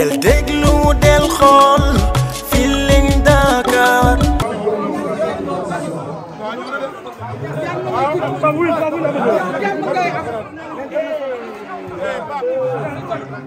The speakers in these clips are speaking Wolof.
del déglu del xool Feeling Dakar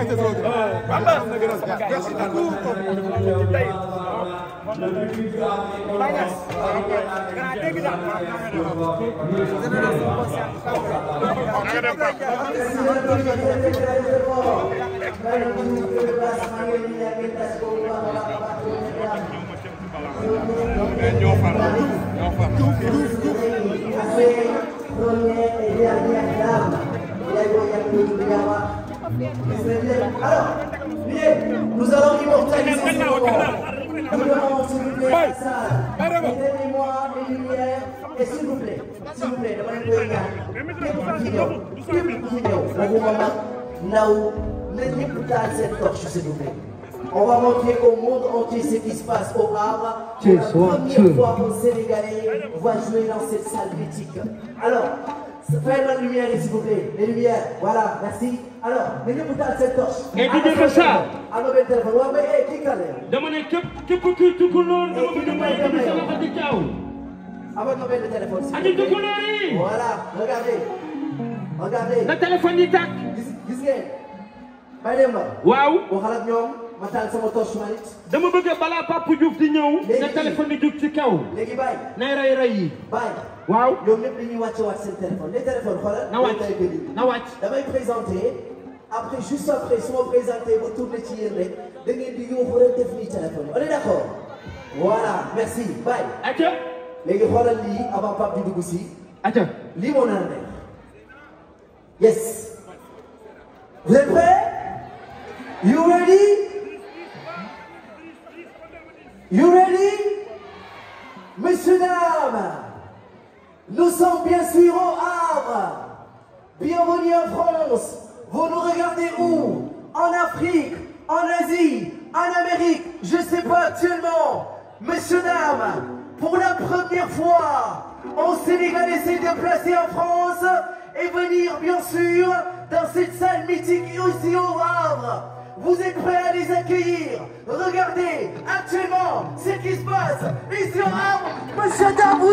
Bamba merci beaucoup tey Baye Niass gannaaw dégg naa génération Alors, nous allons immortaliser ce moment. Nous demandons, s'il vous plaît, la salle, mettez-moi les lumières et s'il vous plaît, s'il vous plaît, dama leen koy ñaan. képp ku fi ñëw, képp ku fi ñëw, waxuma mag, ndaw, na ñëpp taal seen torche, s'il vous plaît. On va montrer au monde entier ce qui se passe au Havre. Pour la première fois, un Sénégalais va jouer dans cette salle mythique. Alors, faites la lumière, s'il vous plaît, les lumières. Voilà, merci. alors nañu ko taal seen torche. et di dégg saa. benn téléphone waaw mais kii kan dama ne képp képp kuy tukkulóor. dama bëgg a may dama sa loxo di caaw. benn téléphone. andi tukkulóor yi. voilà waaw ma taal sama torche ma nit dama bëgg balaa Pape Diouf di ñëw. léegi na téléphone di jug ci kaw. léegi bàyyi. nay rey rey yi. bàyyi. waaw ñoom ñëpp dañuy wàcce waat seen téléphone na wàcc na wàcc damay présenté après juste après su ma présenté ba tourné ci yéen rek da ngeen di yóbbu rek def nii téléphone on est d'accord. voilà merci bàyyi. acca. léegi xoolal lii avant Pape di dugg si. acca lii moo naan rek. yes. vous êtes prêts? you ready? You ready? Messieurs, nous sommes bien sûr au Bienvenue en France. Vous nous regardez où? En Afrique, en Asie, en Amérique, je sais pas actuellement. Messieurs, dames, pour la première fois, un Sénégalais s'est déplacé en France et venir bien sûr dans cette salle mythique ici au Havre. Vous êtes prêts à les accueillir Regardez actuellement ce qui se passe ici en Arbre.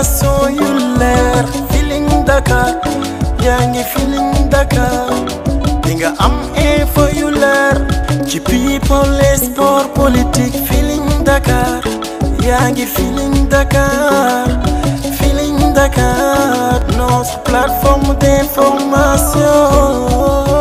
information yu leer Dakar yaa ngi Feeling Dakar di nga am info yu leer ci people et sport politique Dakar yaa ngi Feeling Dakar Feeling Dakar notre plateforme d'information